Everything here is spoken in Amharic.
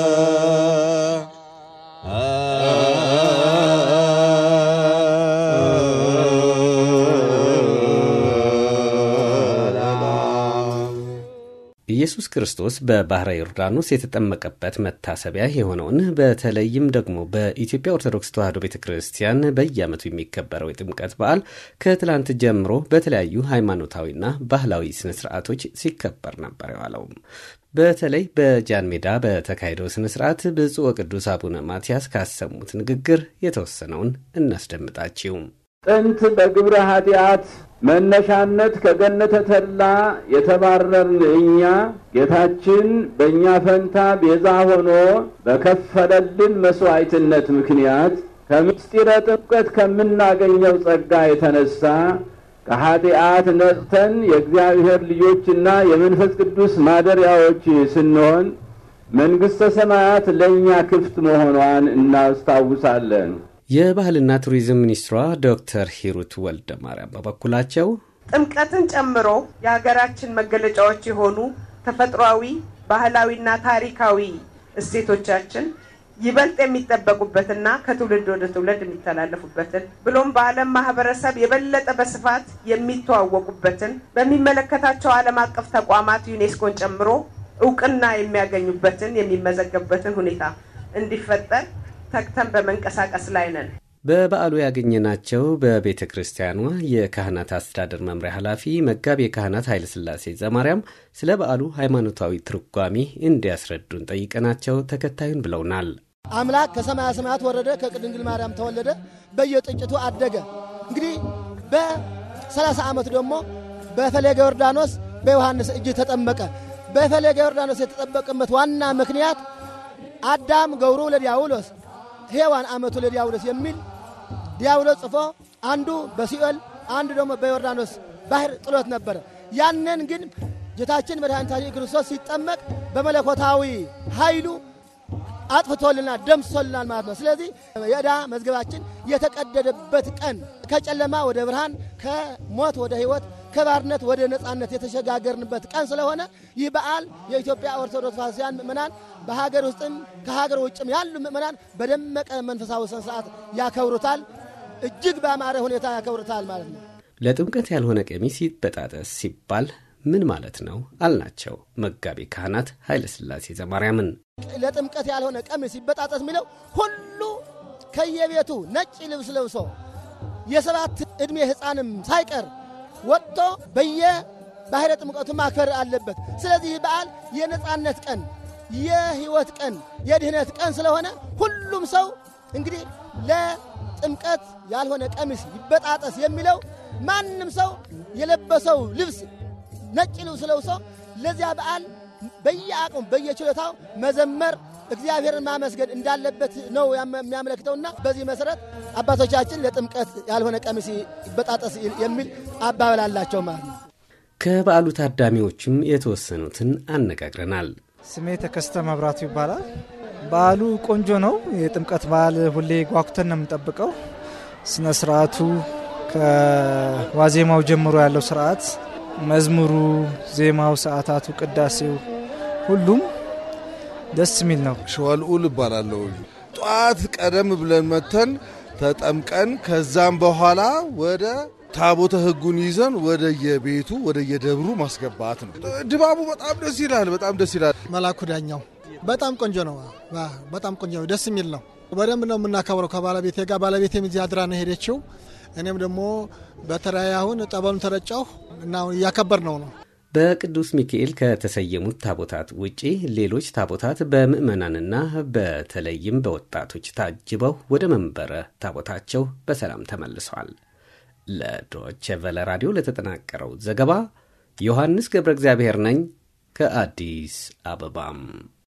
Oh. ኢየሱስ ክርስቶስ በባህረ ዮርዳኖስ የተጠመቀበት መታሰቢያ የሆነውን በተለይም ደግሞ በኢትዮጵያ ኦርቶዶክስ ተዋሕዶ ቤተ ክርስቲያን በየዓመቱ የሚከበረው የጥምቀት በዓል ከትላንት ጀምሮ በተለያዩ ሃይማኖታዊና ባህላዊ ስነ ስርዓቶች ሲከበር ነበር የዋለው። በተለይ በጃን ሜዳ በተካሄደው ስነ ስርዓት ብፁዕ ወቅዱስ አቡነ ማትያስ ካሰሙት ንግግር የተወሰነውን እናስደምጣችው። ጥንት በግብረ ኃጢአት መነሻነት ከገነተ ተላ የተባረርን እኛ ጌታችን በእኛ ፈንታ ቤዛ ሆኖ በከፈለልን መስዋዕትነት ምክንያት ከምስጢረ ጥምቀት ከምናገኘው ጸጋ የተነሳ ከኃጢአት ነጽተን የእግዚአብሔር ልጆችና የመንፈስ ቅዱስ ማደሪያዎች ስንሆን መንግሥተ ሰማያት ለእኛ ክፍት መሆኗን እናስታውሳለን። የባህልና ቱሪዝም ሚኒስትሯ ዶክተር ሂሩት ወልደ ማርያም በበኩላቸው ጥምቀትን ጨምሮ የሀገራችን መገለጫዎች የሆኑ ተፈጥሯዊ ባህላዊና ታሪካዊ እሴቶቻችን ይበልጥ የሚጠበቁበትና ከትውልድ ወደ ትውልድ የሚተላለፉበትን ብሎም በዓለም ማህበረሰብ የበለጠ በስፋት የሚተዋወቁበትን በሚመለከታቸው ዓለም አቀፍ ተቋማት ዩኔስኮን ጨምሮ እውቅና የሚያገኙበትን የሚመዘገብበትን ሁኔታ እንዲፈጠር ተግተን በመንቀሳቀስ ላይ ነን። በበዓሉ ያገኘናቸው በቤተ ክርስቲያኗ የካህናት አስተዳደር መምሪያ ኃላፊ መጋቢ የካህናት ኃይለስላሴ ዘማርያም ስለ በዓሉ ሃይማኖታዊ ትርጓሜ እንዲያስረዱን ጠይቀናቸው ተከታዩን ብለውናል። አምላክ ከሰማያ ሰማያት ወረደ፣ ከቅድንግል ማርያም ተወለደ፣ በየጥጭቱ አደገ። እንግዲህ በ30 ዓመት ደግሞ በፈለገ ዮርዳኖስ በዮሐንስ እጅ ተጠመቀ። በፈለገ ዮርዳኖስ የተጠመቀበት ዋና ምክንያት አዳም ገብሮ ለዲያውሎስ ሔዋን አመቱ ለዲያብሎስ የሚል ዲያብሎስ ጽፎ አንዱ በሲኦል አንዱ ደግሞ በዮርዳኖስ ባህር ጥሎት ነበረ። ያንን ግን ጌታችን መድኃኒታችን ክርስቶስ ሲጠመቅ በመለኮታዊ ኃይሉ አጥፍቶልናል፣ ደምሶልናል ማለት ነው። ስለዚህ የዕዳ መዝገባችን የተቀደደበት ቀን ከጨለማ ወደ ብርሃን ከሞት ወደ ህይወት ። ከባርነት ወደ ነጻነት የተሸጋገርንበት ቀን ስለሆነ ይህ በዓል የኢትዮጵያ ኦርቶዶክስ ፋሲያን ምእመናን በሀገር ውስጥም ከሀገር ውጭም ያሉ ምእመናን በደመቀ መንፈሳዊ ስነ ስርዓት ያከብሩታል። እጅግ በአማረ ሁኔታ ያከብሩታል ማለት ነው። ለጥምቀት ያልሆነ ቀሚስ ይበጣጠስ ሲባል ምን ማለት ነው አልናቸው መጋቢ ካህናት ኃይለሥላሴ ዘማርያምን። ለጥምቀት ያልሆነ ቀሚስ ይበጣጠስ የሚለው ሁሉ ከየቤቱ ነጭ ልብስ ለብሶ የሰባት ዕድሜ ሕፃንም ሳይቀር ወጥቶ በየ ባህረ ጥምቀቱ ማክበር አለበት። ስለዚህ በዓል የነፃነት ቀን፣ የህይወት ቀን፣ የድህነት ቀን ስለሆነ ሁሉም ሰው እንግዲህ ለጥምቀት ያልሆነ ቀሚስ ይበጣጠስ የሚለው ማንም ሰው የለበሰው ልብስ ነጭ ልብስ ለብሶ ለዚያ በዓል በየአቅሙ በየችሎታው መዘመር እግዚአብሔርን ማመስገን እንዳለበት ነው የሚያመለክተውና በዚህ መሰረት አባቶቻችን ለጥምቀት ያልሆነ ቀሚስ ይበጣጠስ የሚል አባባል አላቸው ማለት ነው። ከበዓሉ ታዳሚዎችም የተወሰኑትን አነጋግረናል። ስሜ ተከስተ መብራቱ ይባላል። በዓሉ ቆንጆ ነው። የጥምቀት በዓል ሁሌ ጓጉተን ነው የምንጠብቀው። ስነ ስርዓቱ ከዋዜማው ጀምሮ ያለው ስርዓት፣ መዝሙሩ፣ ዜማው፣ ሰዓታቱ፣ ቅዳሴው ሁሉም ደስ የሚል ነው። ሸዋልዑል እባላለሁ። ጠዋት ቀደም ብለን መተን ተጠምቀን ከዛም በኋላ ወደ ታቦተ ሕጉን ይዘን ወደ የቤቱ ወደ የደብሩ ማስገባት ነው። ድባቡ በጣም ደስ ይላል። በጣም ደስ ይላል። መላኩ ዳኛው በጣም ቆንጆ ነው። በጣም ቆንጆ ነው። ደስ የሚል ነው። በደንብ ነው የምናከብረው ከባለቤቴ ጋር። ባለቤቴም እዚህ አድራ ነው ሄደችው። እኔም ደግሞ በተለያየ አሁን ጠበሉን ተረጫሁ እና እያከበር ነው ነው በቅዱስ ሚካኤል ከተሰየሙት ታቦታት ውጪ ሌሎች ታቦታት በምዕመናንና በተለይም በወጣቶች ታጅበው ወደ መንበረ ታቦታቸው በሰላም ተመልሰዋል። ለዶች ቨለ ራዲዮ ለተጠናቀረው ዘገባ ዮሐንስ ገብረ እግዚአብሔር ነኝ ከአዲስ አበባም